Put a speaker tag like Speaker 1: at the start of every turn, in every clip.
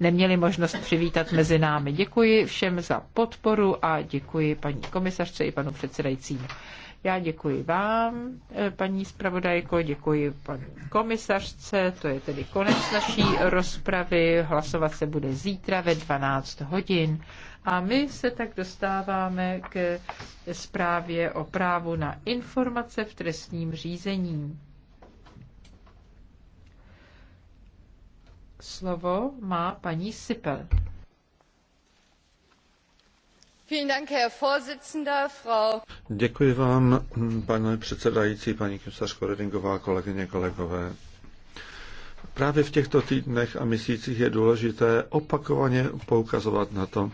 Speaker 1: neměli možnost přivítat mezi námi. Děkuji všem za podporu a děkuji paní komisařce i panu předsedajícímu. Já děkuji vám, eh, paní zpravodajko, děkuji paní komisařce. To je tedy konec naší rozpravy. Hlasovat se bude zítra ve 12 hodin. A my se tak dostáváme k zprávě o právu na informace v trestním řízení. Slovo má paní Sipel.
Speaker 2: Děkuji vám, pane předsedající, paní komisařko Redingová, kolegyně, kolegové. Právě v těchto týdnech a měsících je důležité opakovaně poukazovat na to,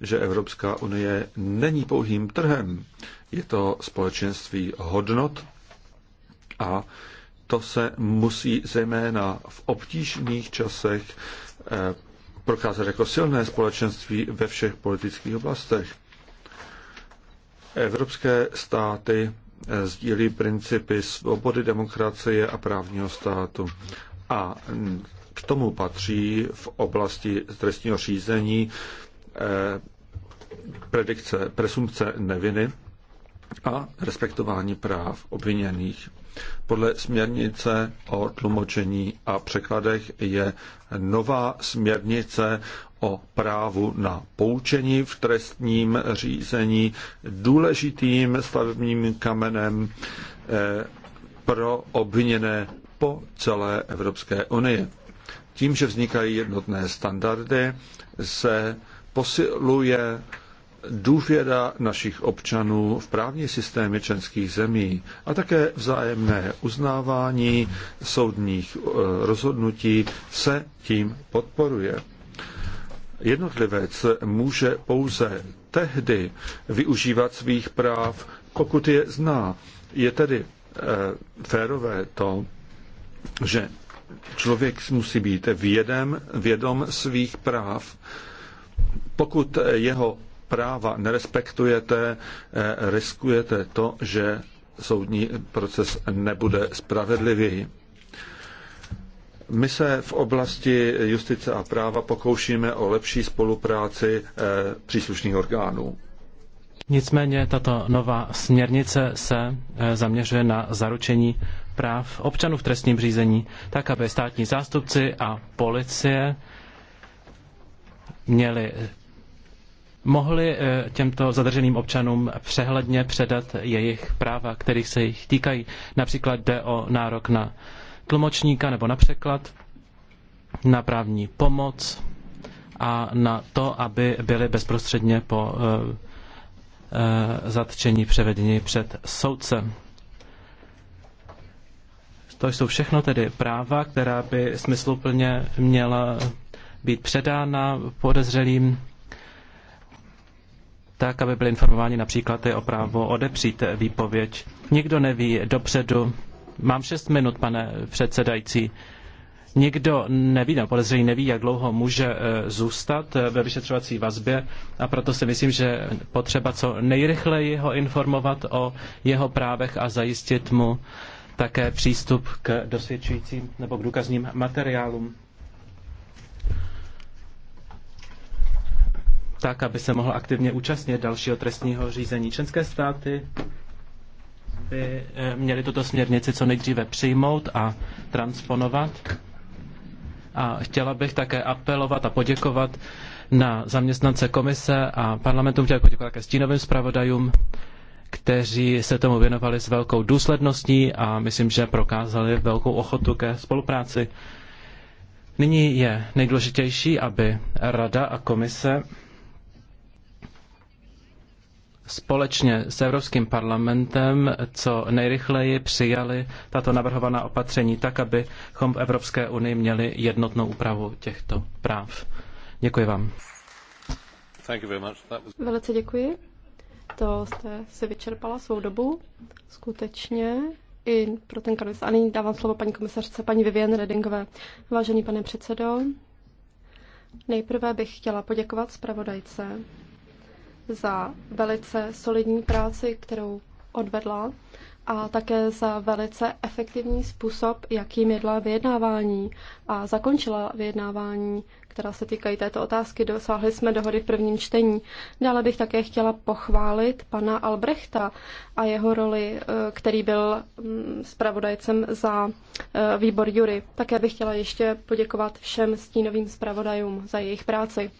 Speaker 2: že Evropská unie není pouhým trhem. Je to společenství hodnot a to se musí zejména v obtížných časech eh, prokázat jako silné společenství ve všech politických oblastech. Evropské státy eh, sdílí principy svobody, demokracie a právního státu. A k tomu patří v oblasti trestního řízení eh, predikce, presumpce neviny a respektování práv obviněných. Podle směrnice o tlumočení a překladech je nová směrnice o právu na poučení v trestním řízení důležitým stavebním kamenem eh, pro obviněné po celé Evropské unii. Tím, že vznikají jednotné standardy, se posiluje důvěra našich občanů v právní systémy členských zemí a také vzájemné uznávání soudních eh, rozhodnutí se tím podporuje. Jednotlivec může pouze tehdy využívat svých práv, pokud je zná. Je tedy eh, férové to, že člověk musí být vědem, vědom svých práv. Pokud jeho práva nerespektujete, eh, riskujete to, že soudní proces nebude spravedlivý. My se v oblasti justice a práva pokoušíme o lepší spolupráci eh, příslušných orgánů.
Speaker 3: Nicméně tato nová směrnice se eh, zaměřuje na zaručení práv občanů v trestním řízení, tak aby státní zástupci a policie měli mohli eh, těmto zadrženým občanům přehledně předat jejich práva, kterých se jich týkají. Například jde o nárok na tlumočníka nebo na překlad, na právní pomoc a na to, aby byli bezprostředně po eh, eh, zatčení převedení před soudce. To jsou všechno tedy práva, která by smysluplně měla být předána podezřelým tak, aby byli informováni například o právu odepřít výpověď. Nikdo neví dopředu. Mám šest minut, pane předsedající. Nikdo neví, nebo podezření neví, jak dlouho může eh, zůstat eh, ve vyšetřovací vazbě a proto si myslím, že potřeba co nejrychleji ho informovat o jeho právech a zajistit mu také přístup k dosvědčujícím nebo k důkazním materiálům. tak, aby se mohl aktivně účastnit dalšího trestního řízení. Členské státy by eh, měly tuto směrnici co nejdříve přijmout a transponovat. A chtěla bych také apelovat a poděkovat na zaměstnance komise a parlamentu, chtěla poděkovat také stínovým zpravodajům, kteří se tomu věnovali s velkou důsledností a myslím, že prokázali velkou ochotu ke spolupráci. Nyní je nejdůležitější, aby Rada a komise společně s Evropským parlamentem co nejrychleji přijali tato navrhovaná opatření tak, abychom v Evropské unii měli jednotnou úpravu těchto práv. Děkuji vám.
Speaker 1: Velice děkuji. To jste se vyčerpala svou dobu. Skutečně i pro ten kardis. A nyní dávám slovo paní komisařce, paní Vivian Redingové. Vážený pane předsedo, nejprve bych chtěla poděkovat zpravodajce za velice solidní práci, kterou odvedla a také za velice efektivní způsob, jakým jedla vyjednávání a zakončila vyjednávání, která se týkají této otázky. Dosáhli jsme dohody v prvním čtení. Dále bych také chtěla pochválit pana Albrechta a jeho roli, eh, který byl mm, zpravodajcem za eh, výbor Jury. Také bych chtěla ještě poděkovat všem stínovým zpravodajům za jejich práci.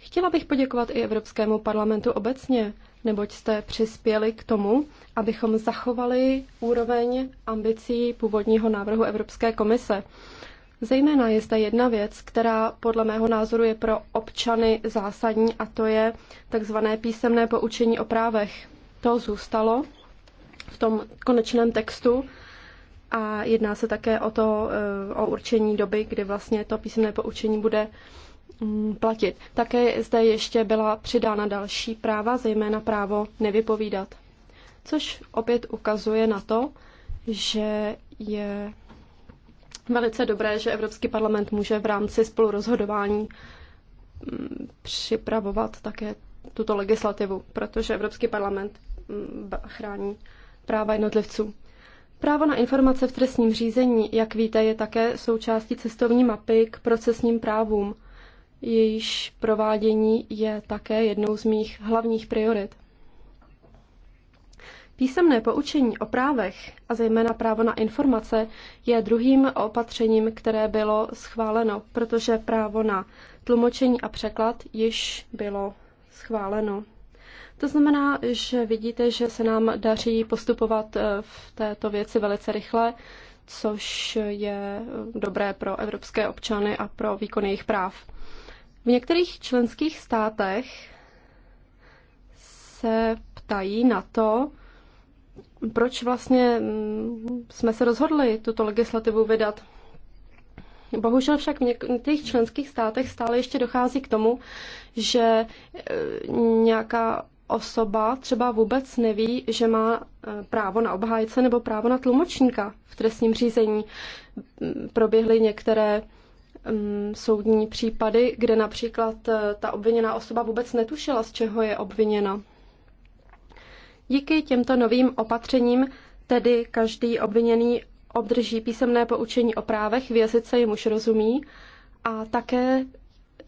Speaker 1: Chtěla bych poděkovat i Evropskému parlamentu obecně, neboť jste přispěli k tomu, abychom zachovali úroveň ambicí původního návrhu Evropské komise. Zejména je zde jedna věc, která podle mého názoru je pro občany zásadní, a to je takzvané písemné poučení o právech. To zůstalo v tom konečném textu a jedná se také o to, e, o určení doby, kdy vlastně to písemné poučení bude Mm, platit. Také zde ještě byla přidána další práva, zejména právo nevypovídat. Což opět ukazuje na to, že je velice dobré, že Evropský parlament může v rámci spolurozhodování mm, připravovat také tuto legislativu, protože Evropský parlament mm, chrání práva jednotlivců. Právo na informace v trestním řízení, jak víte, je také součástí cestovní mapy k procesním právům – jejíž provádění je také jednou z mých hlavních priorit. Písemné poučení o právech a zejména právo na informace je druhým opatřením, které bylo schváleno, protože právo na tlumočení a překlad již bylo schváleno. To znamená, že vidíte, že se nám daří postupovat eh, v této věci velice rychle, což je eh, dobré pro evropské občany a pro výkon jejich práv. V některých členských státech se ptají na to, proč vlastně mm, jsme se rozhodli tuto legislativu vydat. Bohužel však v některých členských státech stále ještě dochází k tomu, že e, nějaká osoba třeba vůbec neví, že má e, právo na obhájce nebo právo na tlumočníka v trestním řízení. Proběhly některé Mm, soudní případy, kde například eh, ta obviněná osoba vůbec netušila, z čeho je obviněna. Díky těmto novým opatřením tedy každý obviněný obdrží písemné poučení o právech v jazyce už rozumí a také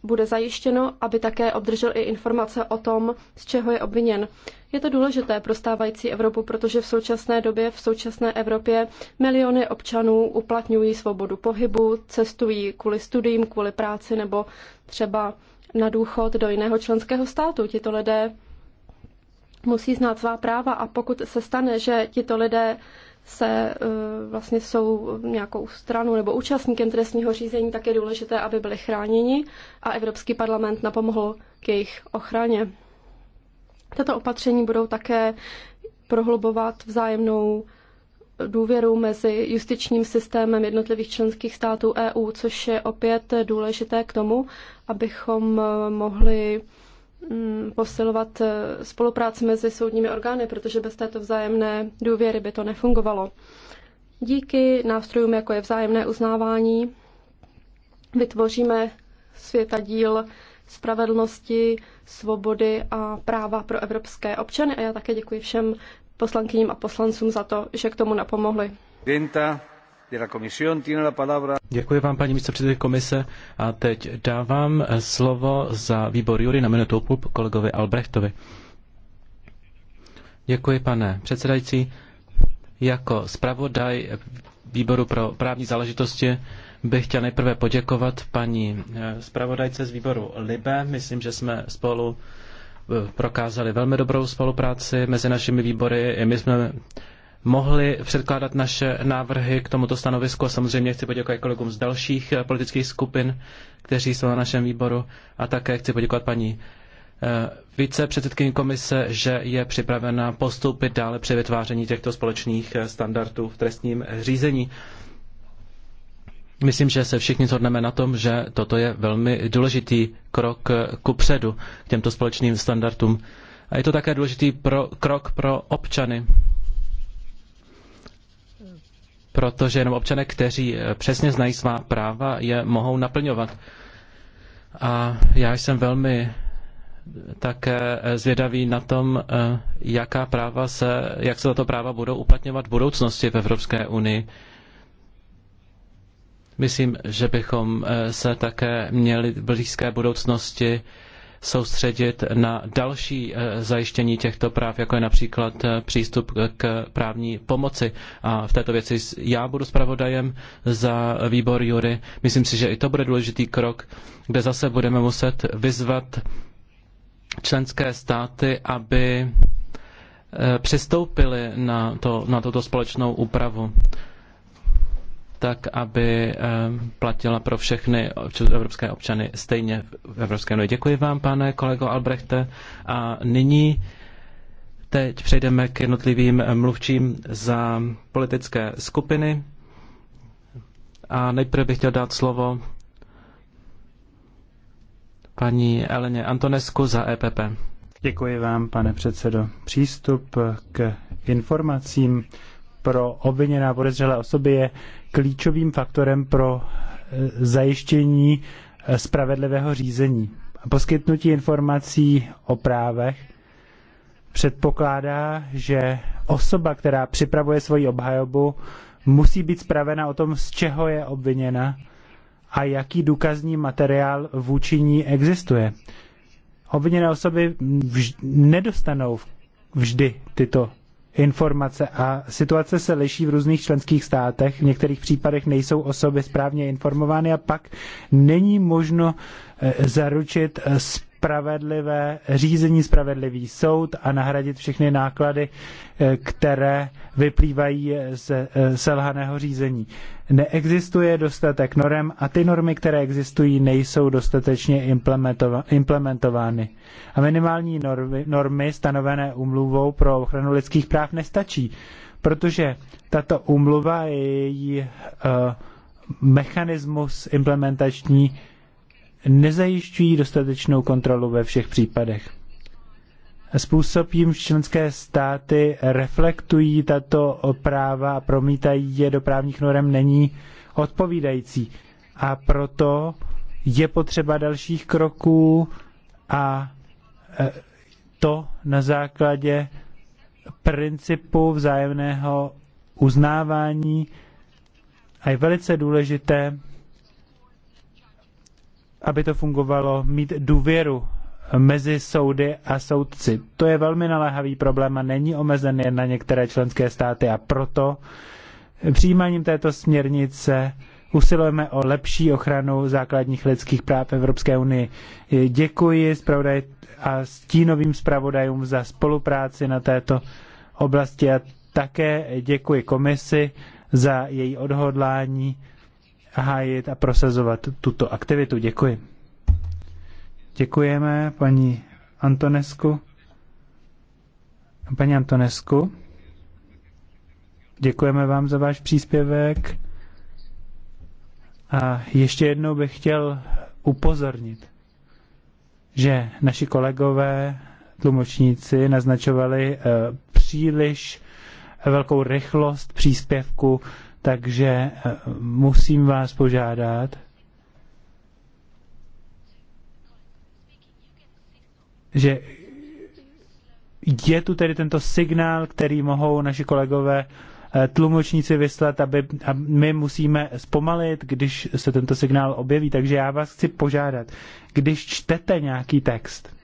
Speaker 1: bude zajištěno, aby také obdržel i informace o tom, z čeho je obviněn. Je to důležité pro stávající Evropu, protože v současné době, v současné Evropě miliony občanů uplatňují svobodu pohybu, cestují kvůli studiím, kvůli práci nebo třeba na důchod do jiného členského státu. Tito lidé musí znát svá práva a pokud se stane, že tito lidé se eh, vlastně jsou nějakou stranu nebo účastníkem trestního řízení, tak je důležité, aby byli chráněni a Evropský parlament napomohl k jejich ochraně. Tato opatření budou také prohlubovat vzájemnou důvěru mezi justičním systémem jednotlivých členských států EU, což je opět důležité k tomu, abychom mohli mm, posilovat spolupráci mezi soudními orgány, protože bez této vzájemné důvěry by to nefungovalo. Díky nástrojům, jako je vzájemné uznávání, vytvoříme světadíl díl spravedlnosti, svobody a práva pro evropské občany. A já také děkuji všem poslankyním a poslancům za to, že k tomu napomohli.
Speaker 3: Děkuji vám, paní předsedy komise. A teď dávám slovo za výbor Jury na minutu půl kolegovi Albrechtovi. Děkuji, pane předsedající. Jako zpravodaj výboru pro právní záležitosti bych chtěl nejprve poděkovat paní eh, zpravodajce z výboru Libe. Myslím, že jsme spolu eh, prokázali velmi dobrou spolupráci mezi našimi výbory. My jsme mohli předkládat naše návrhy k tomuto stanovisku a samozřejmě chci poděkovat kolegům z dalších eh, politických skupin, kteří jsou na našem výboru a také chci poděkovat paní Eh, více komise, že je připravena postoupit dále při vytváření těchto společných eh, standardů v trestním řízení. Myslím, že se všichni shodneme na tom, že toto je velmi důležitý krok eh, ku předu k těmto společným standardům. A je to také důležitý pro, krok pro občany, protože jenom občané, kteří přesně znají svá práva, je mohou naplňovat. A já jsem velmi také zvědaví na tom, eh, jaká práva se, jak se tato práva budou uplatňovat v budoucnosti v Evropské unii. Myslím, že bychom eh, se také měli v blízké budoucnosti soustředit na další eh, zajištění těchto práv, jako je například přístup k právní pomoci. A v této věci já budu zpravodajem za výbor Jury. Myslím si, že i to bude důležitý krok, kde zase budeme muset vyzvat členské státy, aby eh, přistoupili na, to, na tuto společnou úpravu tak, aby eh, platila pro všechny evropské občany stejně v Evropské unii. Děkuji vám, pane kolego Albrechte. A nyní teď přejdeme k jednotlivým eh, mluvčím za politické skupiny. A nejprve bych chtěl dát slovo paní Eleně Antonesku za EPP.
Speaker 4: Děkuji vám, pane předsedo. Přístup k informacím pro obviněná podezřelé osoby je klíčovým faktorem pro e, zajištění e, spravedlivého řízení. Poskytnutí informací o právech předpokládá, že osoba, která připravuje svoji obhajobu, musí být spravena o tom, z čeho je obviněna a jaký důkazní materiál vůči ní existuje. Obviněné osoby vž- nedostanou vždy tyto informace a situace se liší v různých členských státech. V některých případech nejsou osoby správně informovány a pak není možno eh, zaručit eh, spravedlivé řízení, spravedlivý soud a nahradit všechny náklady, eh, které vyplývají eh, z eh, selhaného řízení. Neexistuje dostatek norem a ty normy, které existují, nejsou dostatečně implementovány. A minimální normy, normy stanovené umluvou pro ochranu lidských práv nestačí, protože tato umluva je její mechanismus implementační nezajišťují dostatečnou kontrolu ve všech případech. Způsob, jimž členské státy reflektují tato práva a promítají je do právních norem, není odpovídající. A proto je potřeba dalších kroků a e, to na základě principu vzájemného uznávání a je velice důležité aby to fungovalo, mít důvěru mezi soudy a soudci. To je velmi naléhavý problém a není omezen jen na některé členské státy a proto přijímáním této směrnice usilujeme o lepší ochranu základních lidských práv Evropské unii. Děkuji zpravodaj a stínovým zpravodajům za spolupráci na této oblasti a také děkuji komisi za její odhodlání hájit a prosazovat tuto aktivitu. Děkuji. Děkujeme paní Antonesku. Paní Antonesku, děkujeme vám za váš příspěvek. A ještě jednou bych chtěl upozornit, že naši kolegové tlumočníci naznačovali eh, příliš velkou rychlost příspěvku takže eh, musím vás požádat, že je tu tedy tento signál, který mohou naši kolegové eh, tlumočníci vyslat, aby a my musíme zpomalit, když se tento signál objeví. Takže já vás chci požádat, když čtete nějaký text,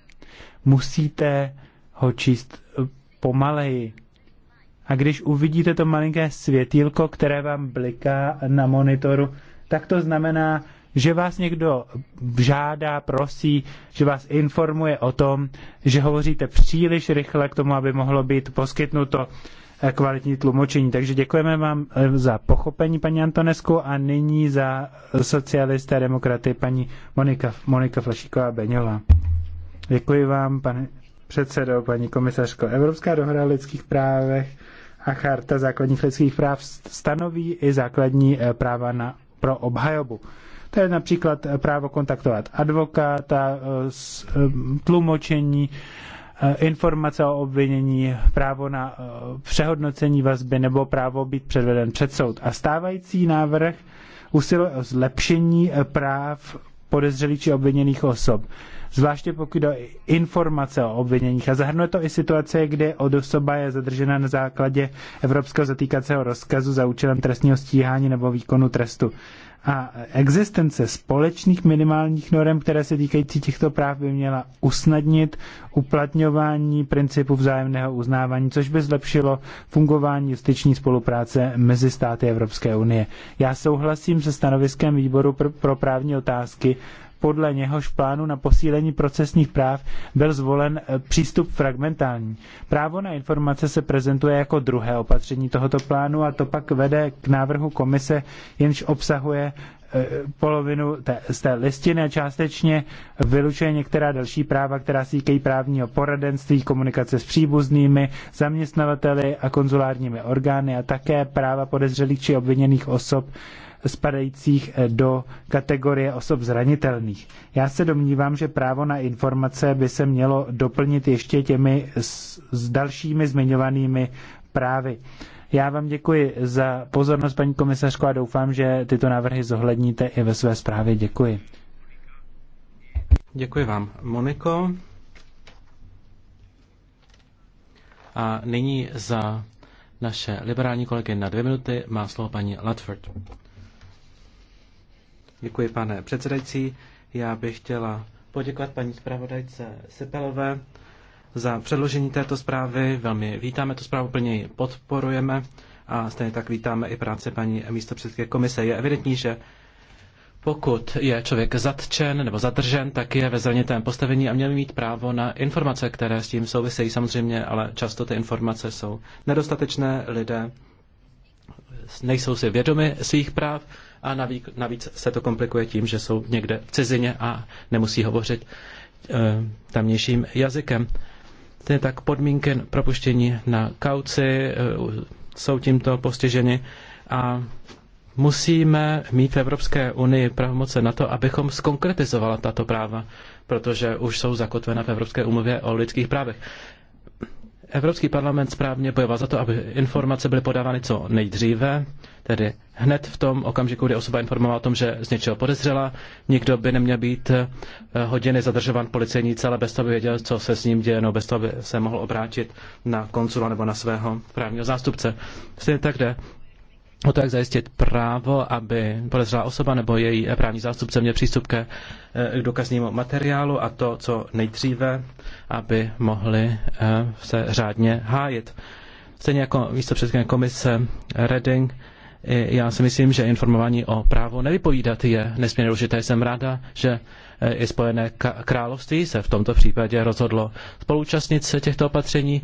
Speaker 4: musíte ho číst eh, pomaleji a když uvidíte to malinké světýlko, které vám bliká na monitoru, tak to znamená, že vás někdo žádá, prosí, že vás informuje o tom, že hovoříte příliš rychle k tomu, aby mohlo být poskytnuto eh, kvalitní tlumočení. Takže děkujeme vám eh, za pochopení, paní Antonesku, a nyní za socialisté demokraty paní Monika, Monika Flašíková Beňová. Děkuji vám, pane předsedo, paní komisařko. Evropská dohoda o lidských právech a Charta základních lidských práv stanoví i základní eh, práva na, pro obhajobu. To je například eh, právo kontaktovat advokáta, eh, tlumočení, informace o obvinění, právo na přehodnocení vazby nebo právo být předveden před soud. A stávající návrh usiluje o zlepšení práv podezřelých či obviněných osob zvláště pokud jde informace o obviněních. A zahrnuje to i situace, kdy od osoba je zadržena na základě evropského zatýkacího rozkazu za účelem trestního stíhání nebo výkonu trestu. A existence společných minimálních norm, které se týkající těchto práv, by měla usnadnit uplatňování principu vzájemného uznávání, což by zlepšilo fungování justiční spolupráce mezi státy Evropské unie. Já souhlasím se stanoviskem výboru pro právní otázky podle něhož plánu na posílení procesních práv byl zvolen e, přístup fragmentální. Právo na informace se prezentuje jako druhé opatření tohoto plánu a to pak vede k návrhu komise, jenž obsahuje e, polovinu té, z té listiny a částečně vylučuje některá další práva, která se týkají právního poradenství, komunikace s příbuznými, zaměstnavateli a konzulárními orgány a také práva podezřelých či obviněných osob spadajících eh, do kategorie osob zranitelných. Já se domnívám, že právo na informace by se mělo doplnit ještě těmi s, s dalšími zmiňovanými právy. Já vám děkuji za pozornost, paní komisařko, a doufám, že tyto návrhy zohledníte i ve své zprávě. Děkuji.
Speaker 3: Děkuji vám, Moniko. A nyní za naše liberální kolegy na dvě minuty má slovo paní Latford. Děkuji, pane předsedající. Já bych chtěla poděkovat paní zpravodajce Sepelové za předložení této zprávy. Velmi vítáme tu zprávu, plně ji podporujeme a stejně tak vítáme i práce paní místopředsedky komise. Je evidentní, že pokud je člověk zatčen nebo zadržen, tak je ve zranitém postavení a měl mít právo na informace, které s tím souvisejí samozřejmě, ale často ty informace jsou nedostatečné, lidé nejsou si vědomi svých práv a navíc, navíc se to komplikuje tím, že jsou někde v cizině a nemusí hovořit e, tamnějším jazykem. Stejně tak podmínky propuštění na kauci e, jsou tímto postiženi a musíme mít v Evropské unii pravomoce na to, abychom skonkretizovala tato práva, protože už jsou zakotvena v Evropské umluvě o lidských právech. Evropský parlament správně bojoval za to, aby informace byly podávány co nejdříve, tedy hned v tom okamžiku, kdy osoba informovala o tom, že z něčeho podezřela. Nikdo by neměl být eh, hodiny zadržován policejní celé bez toho, aby věděl, co se s ním děje, no bez toho, aby se mohl obrátit na konzula nebo na svého právního zástupce. Stejně tak jde o to, jak zajistit právo, aby podezřelá osoba nebo její právní zástupce měl přístup ke, eh, k dokaznímu materiálu a to, co nejdříve, aby mohli eh, se řádně hájit. Stejně jako místo předsedkyně komise Reding, já si myslím, že informování o právu nevypovídat je nesmírně důležité. Jsem ráda, že eh, i Spojené království se v tomto případě rozhodlo spolúčastnit se těchto opatření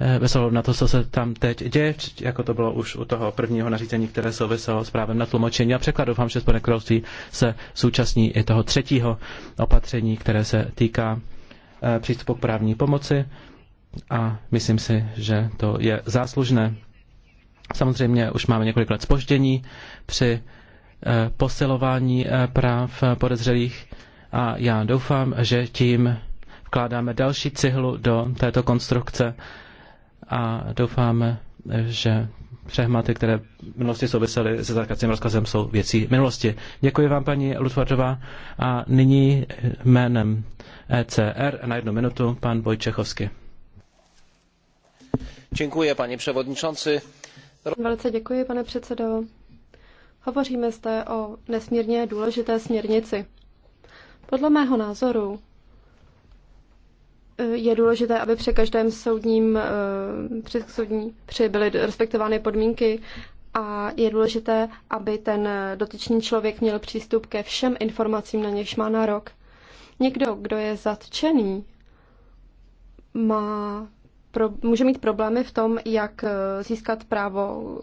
Speaker 3: Eh, bez ohledu na to, co se tam teď děje, jako to bylo už u toho prvního nařízení, které souviselo s právem na tlumočení a překlad. Doufám, že Spojené království se zúčastní i toho třetího opatření, které se týká eh, přístupu k právní pomoci a myslím si, že to je záslužné. Samozřejmě už máme několik let spoždění při eh, posilování práv podezřelých a já doufám, že tím vkládáme další cihlu do této konstrukce a doufáme, že přehmaty, které v minulosti souvisely se zákazním rozkazem, jsou věcí minulosti. Děkuji vám, paní Lutvardová. A nyní jménem ECR na jednu minutu pan Vojčechovský. Děkuji, paní převodničanci.
Speaker 1: Velice děkuji, pane předsedo. Hovoříme zde o nesmírně důležité směrnici. Podle mého názoru je důležité, aby při každém soudním, eh, při soudní, při byly respektovány podmínky a je důležité, aby ten dotyčný člověk měl přístup ke všem informacím, na něž má nárok. Někdo, kdo je zatčený, má pro, může mít problémy v tom, jak eh, získat právo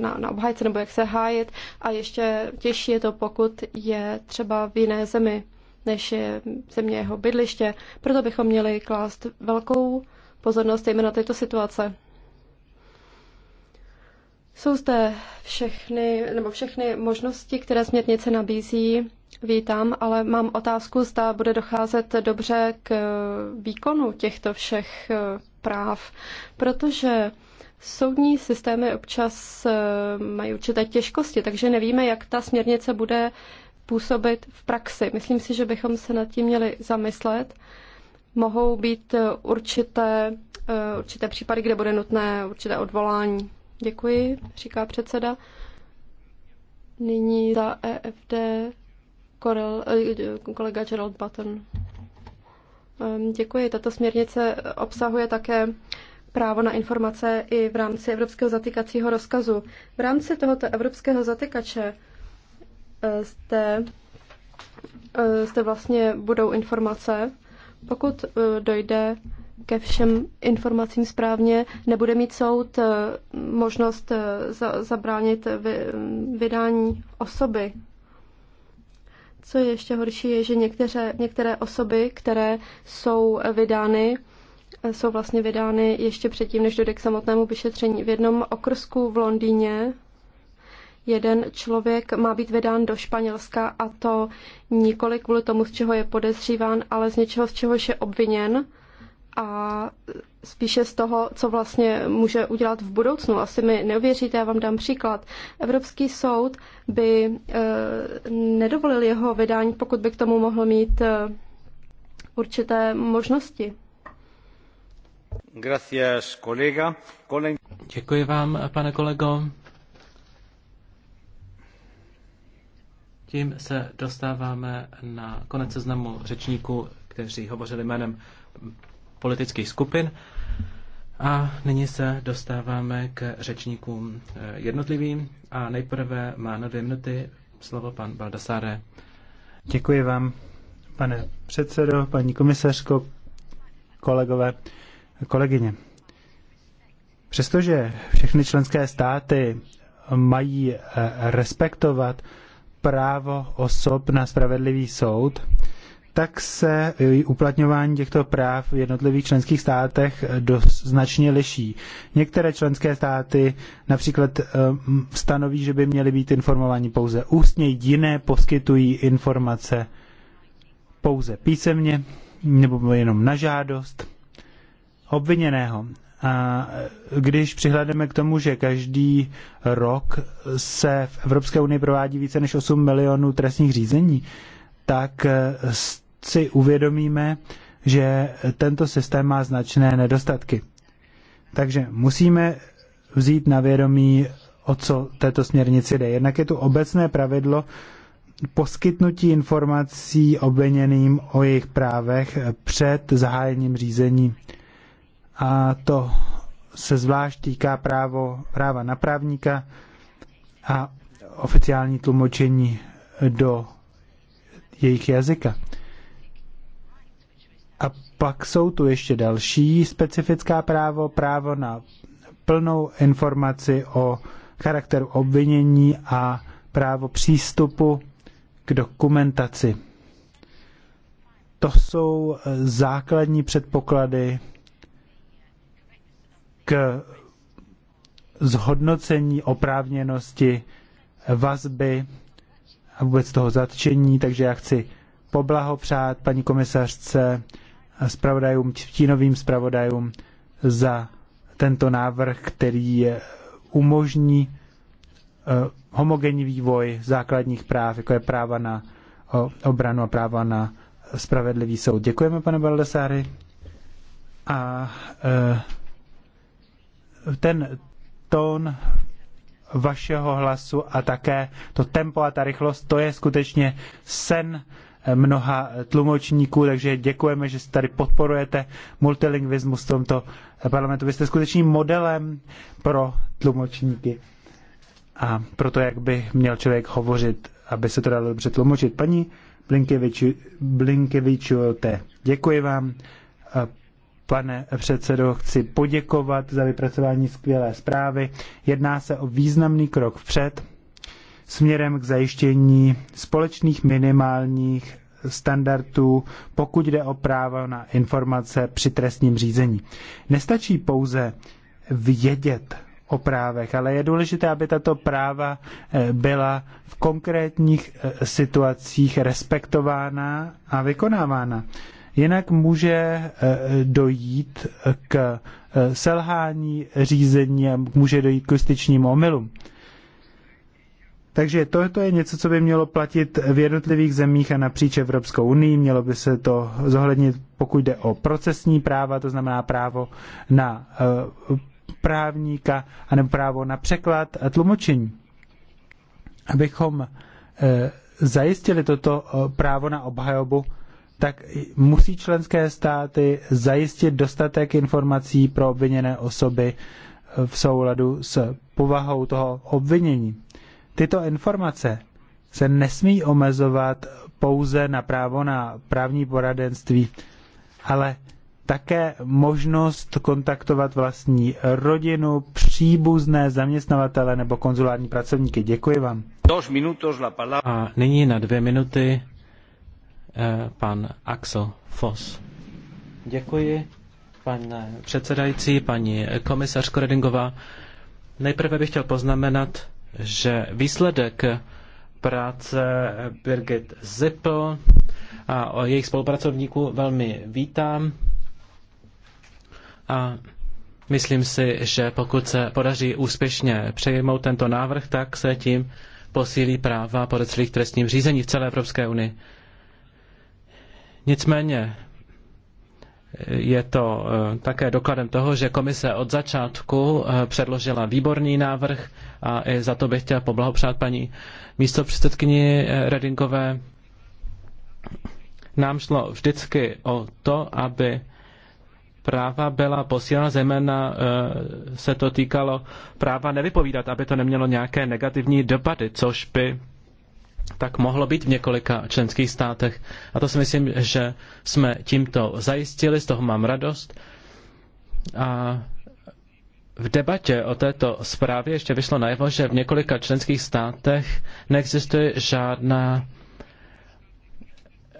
Speaker 1: na, na obhájce nebo jak se hájit a ještě těžší je to, pokud je třeba v jiné zemi než je země jeho bydliště. Proto bychom měli klást velkou pozornost na této situace. Jsou zde všechny, nebo všechny možnosti, které směrnice nabízí, vítám, ale mám otázku, zda bude docházet dobře k výkonu těchto všech eh, práv, protože soudní systémy občas eh, mají určité těžkosti, takže nevíme, jak ta směrnice bude působit v praxi. Myslím si, že bychom se nad tím měli zamyslet. Mohou být eh, určité, eh, určité případy, kde bude nutné určité odvolání. Děkuji, říká předseda. Nyní za EFD Korel, eh, kolega Gerald Button. Ehm, děkuji. Tato směrnice obsahuje také právo na informace i v rámci evropského zatýkacího rozkazu. V rámci tohoto evropského zatykače Eh, jste, eh, jste vlastně budou informace. Pokud eh, dojde ke všem informacím správně, nebude mít soud možnost za, zabránit vy, vydání osoby. Co je ještě horší, je, že některé, některé osoby, které jsou vydány, jsou vlastně vydány ještě předtím, než dojde k samotnému vyšetření. V jednom okrsku v Londýně jeden člověk má být vydán do Španělska a to nikoli kvůli tomu, z čeho je podezříván, ale z něčeho, z čehož je obviněn a spíše z toho, co vlastně může udělat v budoucnu. Asi mi neuvěříte, já vám dám příklad. Evropský soud by e, nedovolil jeho vydání, pokud by k tomu mohl mít e, určité možnosti.
Speaker 2: Gracias, kolega.
Speaker 3: Děkuji vám, pane kolego. Tím se dostáváme na konec seznamu řečníků, kteří hovořili jménem politických skupin. A nyní se dostáváme k řečníkům eh, jednotlivým. A nejprve má na dvě minuty slovo pan Baldassare.
Speaker 4: Děkuji vám, pane předsedo, paní komisařko, kolegové, kolegyně. Přestože všechny členské státy mají eh, respektovat právo osob na spravedlivý soud, tak se uplatňování těchto práv v jednotlivých členských státech dost značně liší. Některé členské státy například eh, stanoví, že by měly být informováni pouze ústně, jiné poskytují informace pouze písemně nebo jenom na žádost obviněného. A když přihledeme k tomu, že každý rok se v Evropské unii provádí více než 8 milionů trestních řízení, tak si uvědomíme, že tento systém má značné nedostatky. Takže musíme vzít na vědomí, o co této směrnici jde. Jednak je tu obecné pravidlo poskytnutí informací obviněným o jejich právech před zahájením řízení a to se zvlášť týká právo, práva na právníka a oficiální tlumočení do jejich jazyka. A pak jsou tu ještě další specifická právo, právo na plnou informaci o charakteru obvinění a právo přístupu k dokumentaci. To jsou základní předpoklady zhodnocení oprávněnosti vazby a vůbec toho zatčení, takže já chci poblahopřát paní komisařce a spravodajům, čtínovým spravodajům za tento návrh, který umožní eh, homogenní vývoj základních práv, jako je práva na obranu a práva na spravedlivý soud. Děkujeme, pane Baldesáry. A eh, ten tón vašeho hlasu a také to tempo a ta rychlost, to je skutečně sen mnoha tlumočníků, takže děkujeme, že tady podporujete multilingvismus v tomto parlamentu. Vy jste skutečným modelem pro tlumočníky a pro to, jak by měl člověk hovořit, aby se to dalo dobře tlumočit. Paní Blinkevičujte, děkuji vám pane předsedo, chci poděkovat za vypracování skvělé zprávy. Jedná se o významný krok vpřed směrem k zajištění společných minimálních standardů, pokud jde o právo na informace při trestním řízení. Nestačí pouze vědět o právech, ale je důležité, aby tato práva eh, byla v konkrétních eh, situacích respektována a vykonávána. Jinak může eh, dojít eh, k eh, selhání řízení a může dojít k justičním omylům. Takže tohle je něco, co by mělo platit v jednotlivých zemích a napříč Evropskou unii. Mělo by se to zohlednit, pokud jde o procesní práva, to znamená právo na právníka nebo právo na překlad a tlumočení. Abychom zajistili toto právo na obhajobu, tak musí členské státy zajistit dostatek informací pro obviněné osoby v souladu s povahou toho obvinění. Tyto informace se nesmí omezovat pouze na právo na právní poradenství, ale také možnost kontaktovat vlastní rodinu, příbuzné, zaměstnavatele nebo konzulární pracovníky. Děkuji vám.
Speaker 3: A nyní na dvě minuty Eh, pan Axel Foss. Děkuji, pane předsedající, paní komisařko Redingová. Nejprve bych chtěl poznamenat, že výsledek práce Birgit Zippel a o jejich spolupracovníků velmi vítám. A myslím si, že pokud se podaří úspěšně přejmout tento návrh, tak se tím posílí práva podezřelých trestním řízení v celé Evropské unii. Nicméně je to eh, také dokladem toho, že komise od začátku eh, předložila výborný návrh a i za to bych chtěl poblahopřát paní místo předsedkyni eh, Redingové. Nám šlo vždycky o to, aby práva byla posílena, zejména se to týkalo práva nevypovídat, aby to nemělo nějaké negativní dopady, což by tak mohlo být v několika členských státech. A to si myslím, že jsme tímto zajistili, z toho mám radost. A v debatě o této zprávě ještě vyšlo najevo, že v několika členských státech neexistuje žádná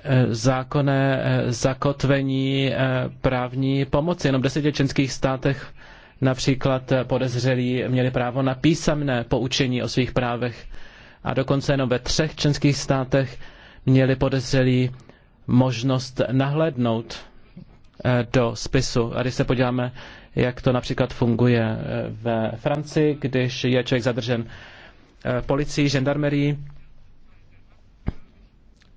Speaker 3: e, zákonné e, zakotvení e, právní pomoci. Jenom v deseti členských státech například podezřelí měli právo na písemné poučení o svých právech a dokonce jenom ve třech členských státech měli podezřelí možnost nahlédnout eh, do spisu. A když se podíváme, jak to například funguje eh, ve Francii, když je člověk zadržen eh, policií, žandarmerií,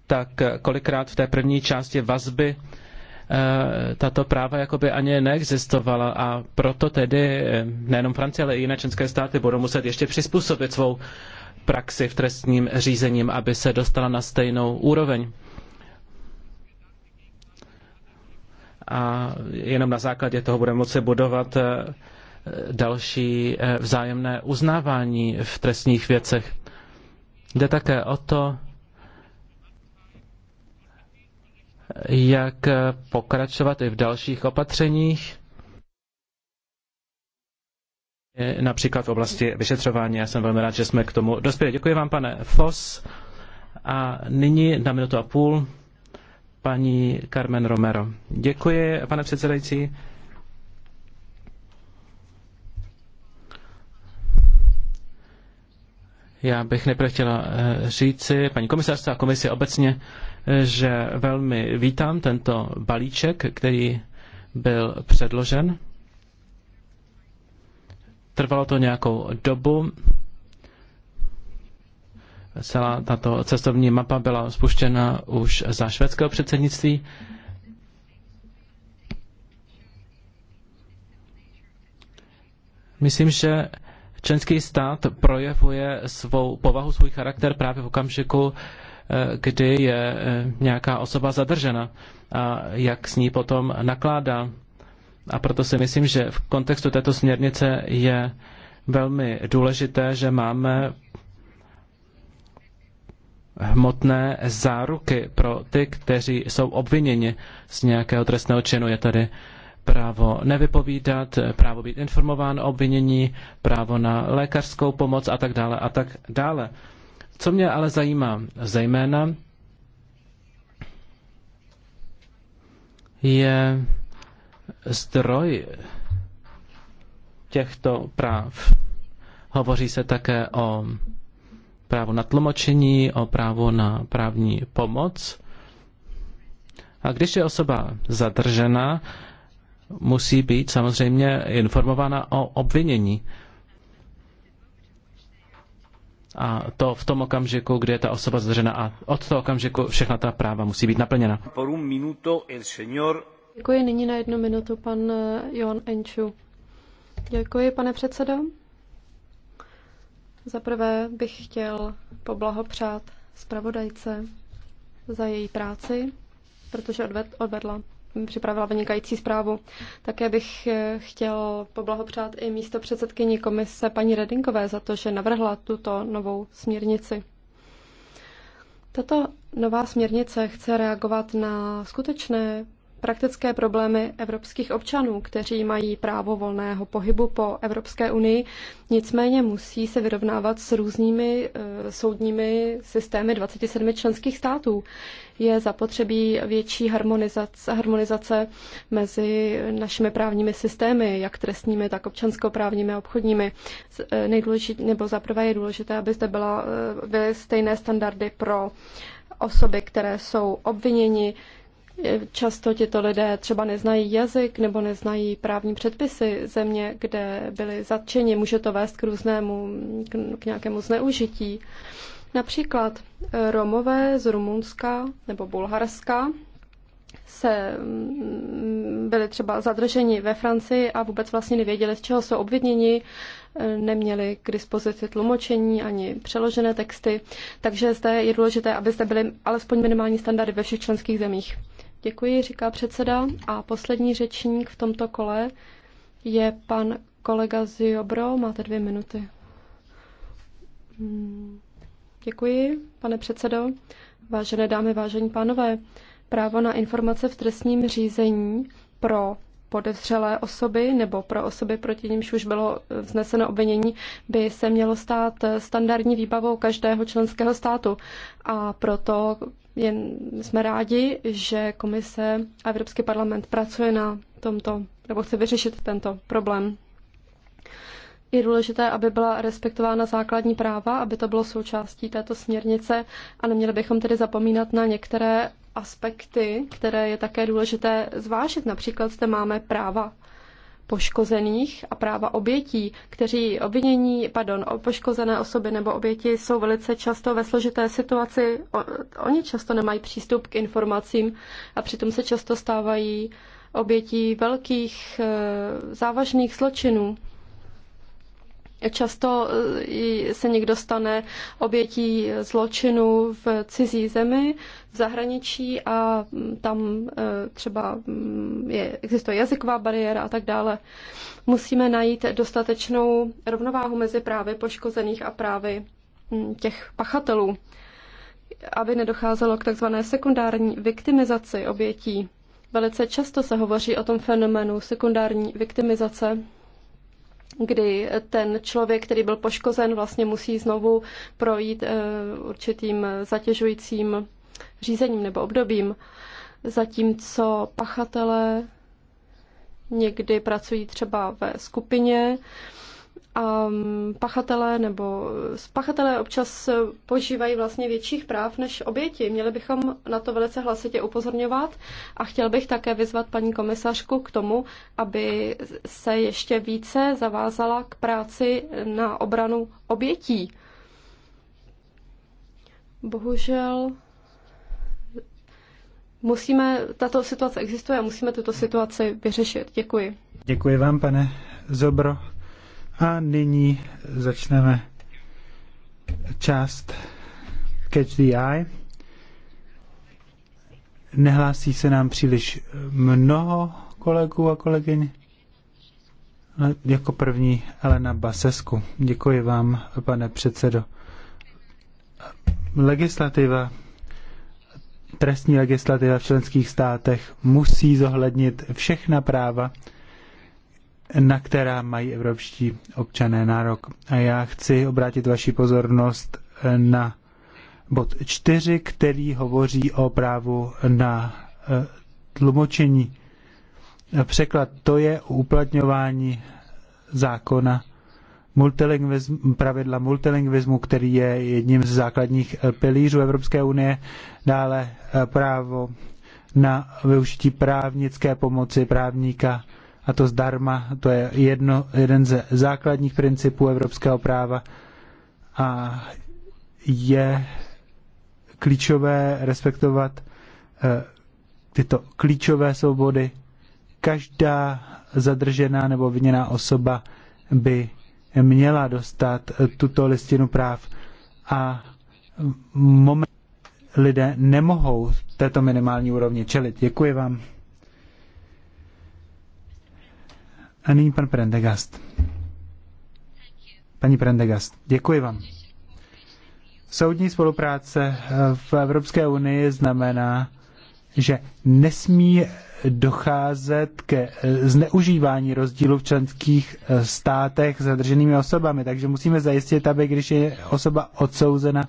Speaker 3: tak kolikrát v té první části vazby tato práva jakoby ani neexistovala a proto tedy nejenom Francie, ale i jiné členské státy budou muset ještě přizpůsobit svou praxi v trestním řízením, aby se dostala na stejnou úroveň. A jenom na základě toho budeme moci budovat eh, další eh, vzájemné uznávání v trestních věcech. Jde také o to, jak pokračovat i v dalších opatřeních, například v oblasti vyšetřování. Já jsem velmi rád, že jsme k tomu dospěli. Děkuji vám, pane Fos. A nyní na minutu a půl paní Carmen Romero. Děkuji, pane předsedající. Já bych nejprve chtěla eh, říci paní komisařce a komisi obecně, eh, že velmi vítám tento balíček, který byl předložen Trvalo to nějakou dobu. Celá tato cestovní mapa byla spuštěna už za švédského předsednictví. Myslím, že členský stát projevuje svou povahu, svůj charakter právě v okamžiku, eh, kdy je eh, nějaká osoba zadržena a jak s ní potom nakládá. A proto si myslím, že v kontextu této směrnice je velmi důležité, že máme hmotné záruky pro ty, kteří jsou obviněni z nějakého trestného činu. Je tady právo nevypovídat, právo být informován o obvinění, právo na lékařskou pomoc a tak dále a tak dále. Co mě ale zajímá zejména, je zdroj těchto práv. Hovoří se také o právu na tlumočení, o právu na právní pomoc. A když je osoba zadržena, musí být samozřejmě informována o obvinění. A to v tom okamžiku, kdy je ta osoba zadržena a od toho okamžiku všechna ta práva musí být naplněna. Por un minuto el
Speaker 2: señor
Speaker 1: Děkuji nyní na jednu minutu pan eh, Jon Enču. Děkuji, pane předsedo. Za prvé bych chtěl poblahopřát zpravodajce za její práci, protože odved, odvedla, připravila vynikající zprávu. Také bych eh, chtěl poblahopřát i místo předsedkyni komise paní Redinkové za to, že navrhla tuto novou směrnici. Tato nová směrnice chce reagovat na skutečné praktické problémy evropských občanů, kteří mají právo volného pohybu po Evropské unii, nicméně musí se vyrovnávat s různými eh, soudními systémy 27 členských států. Je zapotřebí větší harmonizace, harmonizace mezi našimi právními systémy, jak trestními, tak občanskoprávními a obchodními. Eh, nejdůležit, nebo zaprvé je důležité, aby zde byla, eh, byly stejné standardy pro osoby, které jsou obviněni, Často tito lidé třeba neznají jazyk nebo neznají právní předpisy země, kde byli zatčeni. Může to vést k různému, k nějakému zneužití. Například eh, Romové z Rumunska nebo Bulharska se mm, byli třeba zadrženi ve Francii a vůbec vlastně nevěděli, z čeho jsou obviněni, eh, neměli k dispozici tlumočení ani přeložené texty, takže zde je důležité, aby zde byly alespoň minimální standardy ve všech členských zemích. Děkuji, říká předseda. A poslední řečník v tomto kole je pan kolega Ziobro. Máte dvě minuty. Hmm. Děkuji, pane předsedo. Vážené dámy, vážení pánové, právo na informace v trestním řízení pro podezřelé osoby nebo pro osoby, proti nímž už bylo vzneseno obvinění, by se mělo stát standardní výbavou každého členského státu. A proto jen jsme rádi, že komise a Evropský parlament pracuje na tomto, nebo chce vyřešit tento problém. Je důležité, aby byla respektována základní práva, aby to bylo součástí této směrnice a neměli bychom tedy zapomínat na některé aspekty, které je také důležité zvážit. Například zde máme práva poškozených a práva obětí, kteří obvinění, pardon, poškozené osoby nebo oběti jsou velice často ve složité situaci. Oni často nemají přístup k informacím a přitom se často stávají obětí velkých eh, závažných zločinů. Často eh, se někdo stane obětí zločinu v cizí zemi, v zahraničí a mm, tam eh, třeba mm, je, existuje jazyková bariéra a tak dále. Musíme najít dostatečnou rovnováhu mezi právy poškozených a právy mm, těch pachatelů, aby nedocházelo k takzvané sekundární viktimizaci obětí. Velice často se hovoří o tom fenoménu sekundární viktimizace, kdy ten člověk, který byl poškozen, vlastně musí znovu projít eh, určitým zatěžujícím řízením nebo obdobím, zatímco pachatele někdy pracují třeba ve skupině, a mm, pachatelé nebo pachatelé občas požívají vlastně větších práv než oběti. Měli bychom na to velice hlasitě upozorňovat a chtěl bych také vyzvat paní komisařku k tomu, aby se ještě více zavázala k práci na obranu obětí. Bohužel musíme, tato situace existuje a musíme tuto situaci vyřešit. Děkuji.
Speaker 4: Děkuji vám, pane Zobro. A nyní začneme část Catch the Eye. Nehlásí se nám příliš mnoho kolegů a kolegyň. Jako první Elena Basesku. Děkuji vám, pane předsedo. Legislativa, trestní legislativa v členských státech musí zohlednit všechna práva, na která mají evropští občané nárok. A já chci obrátit vaši pozornost eh, na bod 4, který hovoří o právu na eh, tlumočení. Překlad to je uplatňování zákona multilingvism, pravidla multilingvismu, který je jedním z základních eh, pilířů Evropské unie, dále právo na využití právnické pomoci právníka a to zdarma, to je jedno, jeden ze základních principů evropského práva a je klíčové respektovat eh, tyto klíčové svobody. Každá zadržená nebo viněná osoba by měla dostat eh, tuto listinu práv a moment lidé nemohou této minimální úrovni čelit. Děkuji vám. A nyní pan Prendegast. Paní Prendegast, děkuji vám. Soudní spolupráce v Evropské unii znamená, že nesmí docházet ke eh, zneužívání rozdílu v členských eh, státech s zadrženými osobami. Takže musíme zajistit, aby když je osoba odsouzena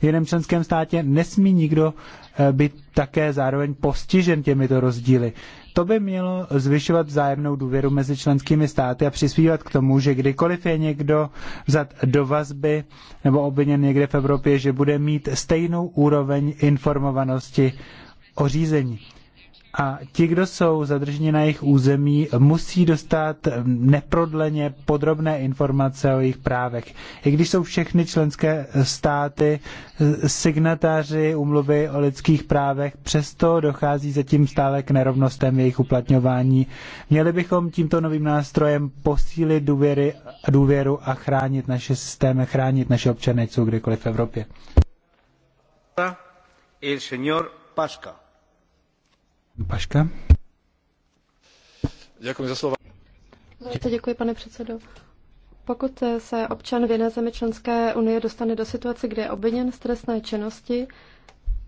Speaker 4: v jiném členském státě, nesmí nikdo eh, být také zároveň postižen těmito rozdíly. To by mělo zvyšovat vzájemnou důvěru mezi členskými státy a přispívat k tomu, že kdykoliv je někdo vzat do vazby nebo obviněn někde v Evropě, že bude mít stejnou úroveň informovanosti o řízení a ti, kdo jsou zadrženi na jejich území, musí dostat neprodleně podrobné informace o jejich právech. I když jsou všechny členské státy signatáři umluvy o lidských právech, přesto dochází zatím stále k nerovnostem jejich uplatňování. Měli bychom tímto novým nástrojem posílit důvěry, důvěru a chránit naše systémy, chránit naše občany, jsou kdekoliv v Evropě.
Speaker 2: El señor Paška. Děkuji za slovo.
Speaker 1: Velice děkuji, pane předsedo. Pokud se občan v jiné zemi členské unie dostane do situace, kde je obviněn z trestné činnosti,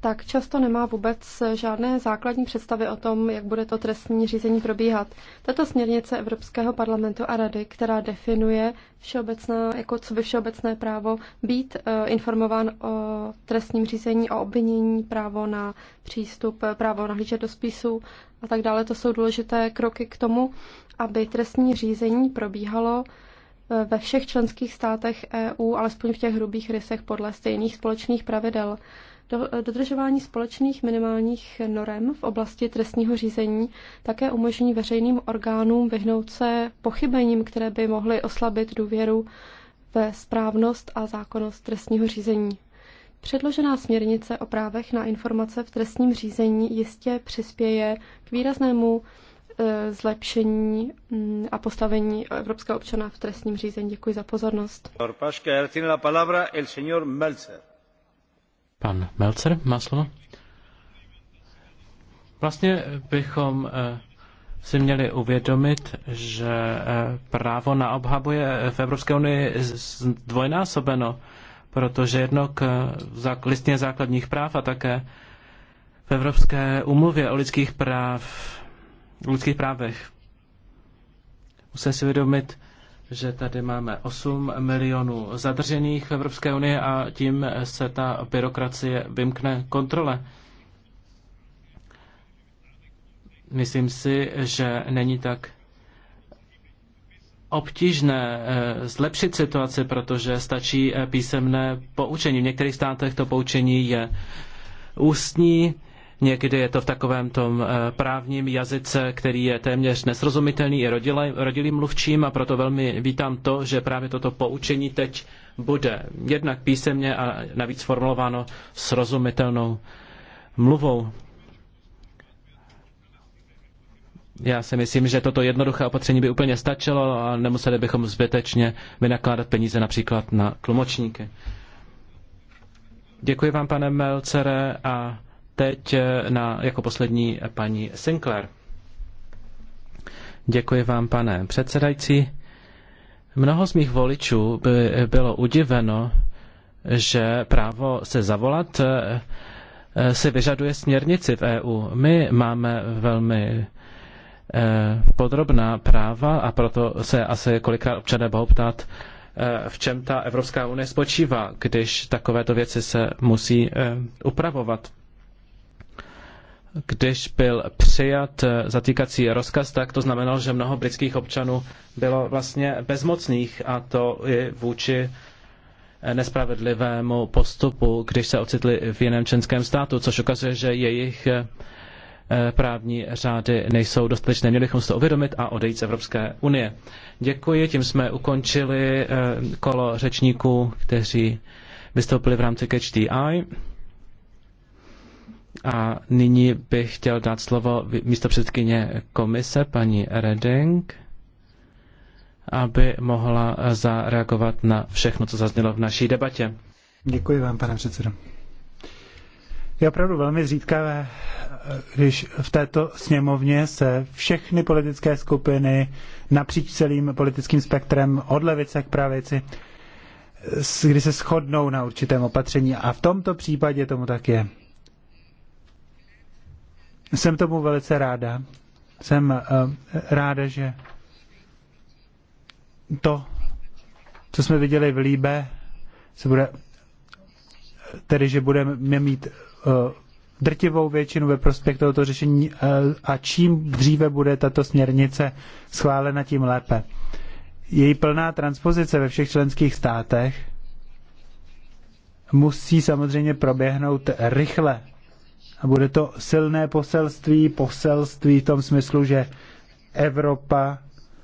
Speaker 1: tak často nemá vůbec žádné základní představy o tom, jak bude to trestní řízení probíhat. Tato směrnice Evropského parlamentu a rady, která definuje všeobecná, jako co by všeobecné právo být eh, informován o trestním řízení, o obvinění, právo na přístup, eh, právo nahlížet do spisu a tak dále, to jsou důležité kroky k tomu, aby trestní řízení probíhalo eh, ve všech členských státech EU, alespoň v těch hrubých rysech podle stejných společných pravidel. Do, dodržování společných minimálních norem v oblasti trestního řízení také umožní veřejným orgánům vyhnout se pochybením, které by mohly oslabit důvěru ve správnost a zákonnost trestního řízení. Předložená směrnice o právech na informace v trestním řízení jistě přispěje k výraznému e, zlepšení mm, a postavení evropského občana v trestním řízení. Děkuji za pozornost.
Speaker 2: Pan
Speaker 3: Melcer má slovo. Vlastně bychom eh, si měli uvědomit, že eh, právo na obhabu je v Evropské unii zdvojnásobeno, protože jednak v listně základních práv a také v Evropské umluvě o lidských, práv, o lidských právech. Musíme si uvědomit, že tady máme 8 milionů zadržených v Evropské unii a tím se ta byrokracie vymkne kontrole. Myslím si, že není tak obtížné eh, zlepšit situaci, protože stačí eh, písemné poučení. V některých státech to poučení je ústní, Někdy je to v takovém tom eh, právním jazyce, který je téměř nesrozumitelný i rodilým mluvčím a proto velmi vítám to, že právě toto poučení teď bude jednak písemně a navíc formulováno srozumitelnou mluvou. Já si myslím, že toto jednoduché opatření by úplně stačilo a nemuseli bychom zbytečně vynakládat peníze například na tlumočníky. Děkuji vám, pane Melcere, a teď eh, na, jako poslední paní Sinclair. Děkuji vám, pane předsedající. Mnoho z mých voličů by bylo udiveno, že právo se zavolat eh, eh, si vyžaduje směrnici v EU. My máme velmi podrobná práva a proto se asi kolikrát občané budou ptát, v čem ta Evropská unie spočívá, když takovéto věci se musí upravovat když byl přijat eh, zatýkací rozkaz, tak to znamenalo, že mnoho britských občanů bylo vlastně bezmocných a to i vůči eh, nespravedlivému postupu, když se ocitli v jiném členském státu, což ukazuje, že jejich eh, právní řády nejsou dostatečné. Měli bychom se to uvědomit a odejít z Evropské unie. Děkuji, tím jsme ukončili kolo řečníků, kteří vystoupili v rámci Catch the Eye. A nyní bych chtěl dát slovo místo předkyně komise, paní Reding, aby mohla eh, zareagovat na všechno, co zaznělo v naší debatě.
Speaker 4: Děkuji vám, pane předsedo. Je opravdu velmi zřídkavé, eh, když v této sněmovně se všechny politické skupiny napříč celým politickým spektrem od levice k pravici eh, kdy se shodnou na určitém opatření a v tomto případě tomu tak je. Jsem tomu velice ráda. Jsem eh, ráda, že to, co jsme viděli v Líbe, se bude, tedy, že budeme mít eh, drtivou většinu ve prospěch tohoto řešení eh, a čím dříve bude tato směrnice schválena, tím lépe. Její plná transpozice ve všech členských státech musí samozřejmě proběhnout rychle. A bude to silné poselství, poselství v tom smyslu, že Evropa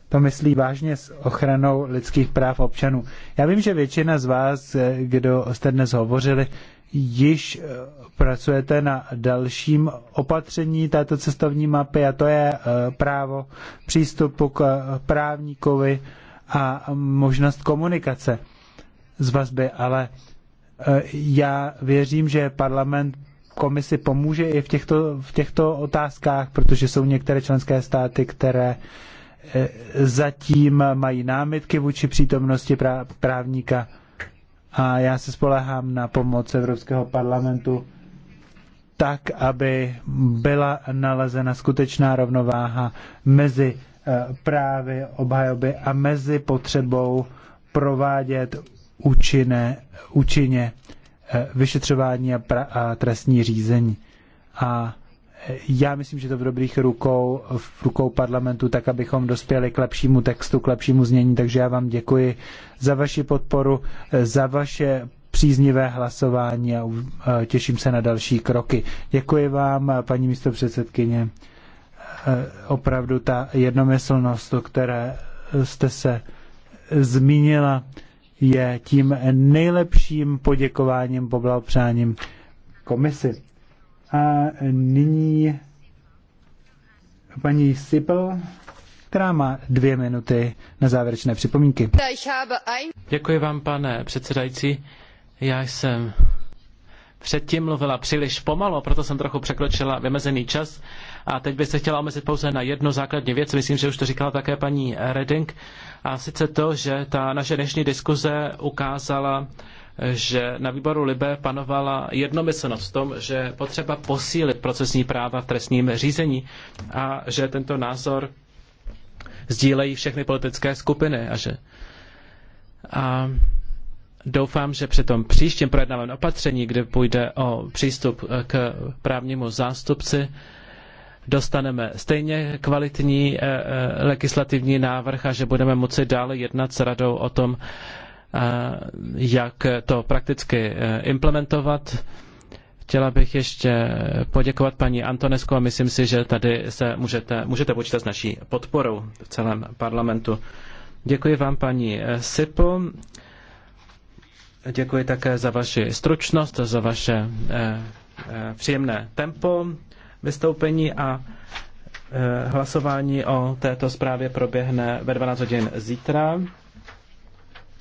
Speaker 4: to myslí vážně s ochranou lidských práv občanů. Já vím, že většina z vás, eh, kdo jste dnes hovořili, již eh, pracujete na dalším opatření této cestovní mapy a to je eh, právo přístupu k právníkovi a možnost komunikace z vazby, ale já věřím, že parlament komisi pomůže i v těchto, v těchto otázkách, protože jsou některé členské státy, které eh, zatím mají námitky vůči přítomnosti právníka a já se spolehám na pomoc Evropského parlamentu tak, aby byla nalezena skutečná rovnováha mezi eh, právy obhajoby a mezi potřebou provádět účinné, účinně Eh, vyšetřování a, pra, a trestní řízení. A eh, já myslím, že to v dobrých rukou, v rukou parlamentu, tak abychom dospěli k lepšímu textu, k lepšímu znění. Takže já vám děkuji za vaši podporu, eh, za vaše příznivé hlasování a těším se na další kroky. Děkuji vám, paní předsedkyně. Opravdu ta jednomyslnost, o které jste se zmínila, je tím nejlepším poděkováním, poblahopřáním komisi. A nyní paní Sipel, která má dvě minuty na závěrečné připomínky.
Speaker 3: Děkuji vám, pane předsedající. Já jsem předtím mluvila příliš pomalu, a proto jsem trochu překročila vymezený čas. A teď bych se chtěla omezit pouze na jednu základní věc, myslím, že už to říkala také paní Reding, a sice to, že ta naše dnešní diskuze ukázala, že na výboru Libe panovala jednomyslnost v tom, že potřeba posílit procesní práva v trestním řízení a že tento názor sdílejí všechny politické skupiny a že a doufám, že při tom příštím projednávaném opatření, kde půjde o přístup eh, k právnímu zástupci, dostaneme stejně kvalitní eh, eh, legislativní návrh a že budeme moci dále jednat s radou o tom, jak to prakticky implementovat. Chtěla bych ještě poděkovat paní Antonesku a myslím si, že tady se můžete, můžete počítat s naší podporou v celém parlamentu. Děkuji vám, paní Sipo. Děkuji také za vaši stručnost, za vaše eh, eh, příjemné tempo vystoupení a eh, hlasování o této zprávě proběhne ve 12 hodin zítra.